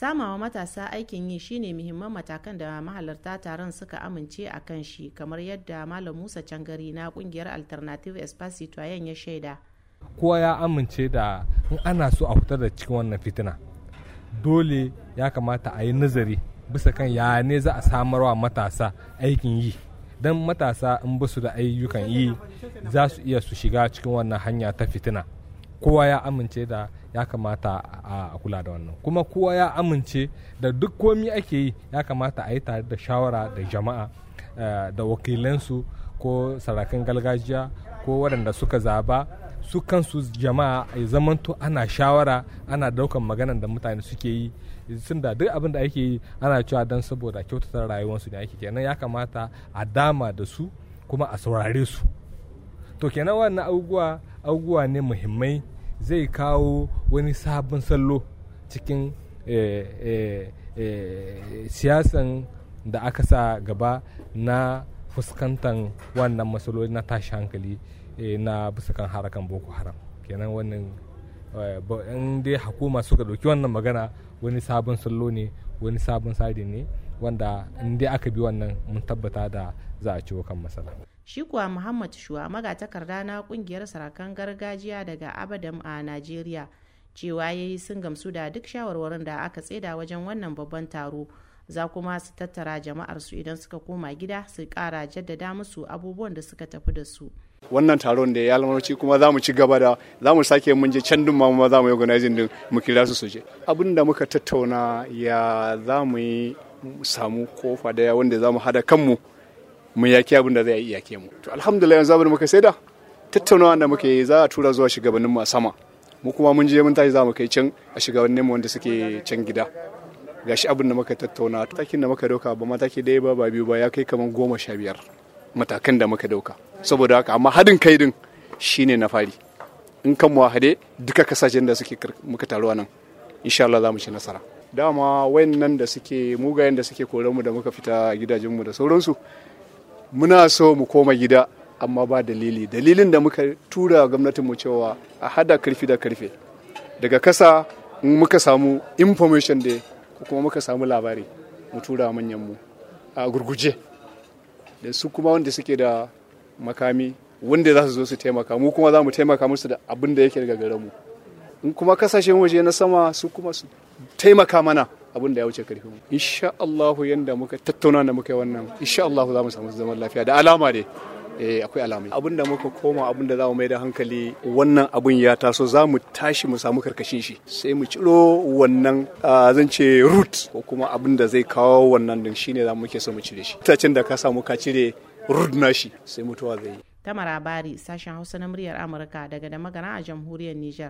samawa matasa aikin yi shine muhimman matakan da mahalarta taron suka amince a kan shi kamar yadda malam musa cangari na kungiyar alternative espacito ya shaida kowa ya amince da in ana so a fitar da cikin wannan fitina dole ya kamata a yi nazari bisa kan ya ne za a samarwa matasa aikin yi don matasa in basu da ayyukan yi za su iya su shiga cikin wannan hanya ta fitina kowa ya amince da ya kamata a kula da wannan kuma kowa ya amince da duk komi ake yi ya kamata a yi tare da shawara da jama'a eh, da wakilansu ko sarakan galgajiya ko waɗanda suka zaba su kansu jama'a ya zamanto ana shawara ana daukan maganan da mutane suke yi sun da duk abin da ake yi ana cewa don saboda kyautata rayuwarsu ne ake kenan ya kamata a dama da su kuma a saurare su to kenan wannan abubuwa abubuwa ne muhimmai zai kawo wani sabon sallo cikin eh, eh, eh, siyasan da aka sa gaba na fuskantar wannan matsaloli na tashi hankali na bisa kan harakan boko haram kenan wannan in dai hukuma suka ɗauki wannan magana wani sabon sallo ne wani sabon sadi ne wanda in dai aka bi wannan mun tabbata da za a ciwo kan matsala. shi kuwa muhammad shuwa magatakarda na kungiyar sarakan gargajiya daga abadam a najeriya cewa ya yi sun gamsu da duk shawarwarin da aka tseda wajen wannan babban taro za kuma su tattara jama'ar su idan suka koma gida su kara jaddada musu abubuwan da suka tafi da su wannan taron da ya lamarci kuma za mu ci gaba da za mu sake mun je can ma ma za mu yi organizing din mu kira su su abin da muka tattauna ya za mu yi samu kofa daya wanda za mu hada kanmu mu yaki abin da zai yi yake mu to alhamdulillah yanzu abin muka saida tattaunawa da muka yi za a tura zuwa shugabannin mu a sama mu kuma mun je mun tashi za mu kai can a shugabannin mu wanda suke can gida gashi abin da muka tattauna takin da muka dauka ba mataki da ba ba biyu ba ya kai kamar goma sha biyar matakan da muka dauka saboda haka amma hadin kai din shine na fari in kan mu hade duka kasashen da suke muka taruwa nan insha Allah za mu ci nasara dama wayannan da suke mugayen da suke koran mu da muka fita gidajen mu da sauransu muna so mu koma gida amma ba dalili dalilin da muka tura gwamnatin mu cewa a hada karfi da karfe daga kasa muka samu information da kuma muka samu labari mu tura manyan mu a gurguje da su kuma wanda suke da makami wanda za su zo su taimaka mu kuma za mu taimaka musu da abin da yake daga gare mu in kuma kasashen waje na sama su kuma su taimaka mana abin da ya wuce karfin mu insha allahu yanda muka tattauna da muka yi wannan insha allahu za mu samu zaman lafiya da alama ne eh akwai alama. abin da muka koma abin da za mu maida hankali wannan abin ya taso za mu tashi mu samu karkashin shi sai mu ciro wannan zan ce root ko kuma abin da zai kawo wannan din shine za mu ke so mu cire shi tacin da ka samu ka cire root na shi sai mutuwa zai yi Tamara Bari sashen Hausa na muryar Amurka daga da magana a jamhuriyar Nijar.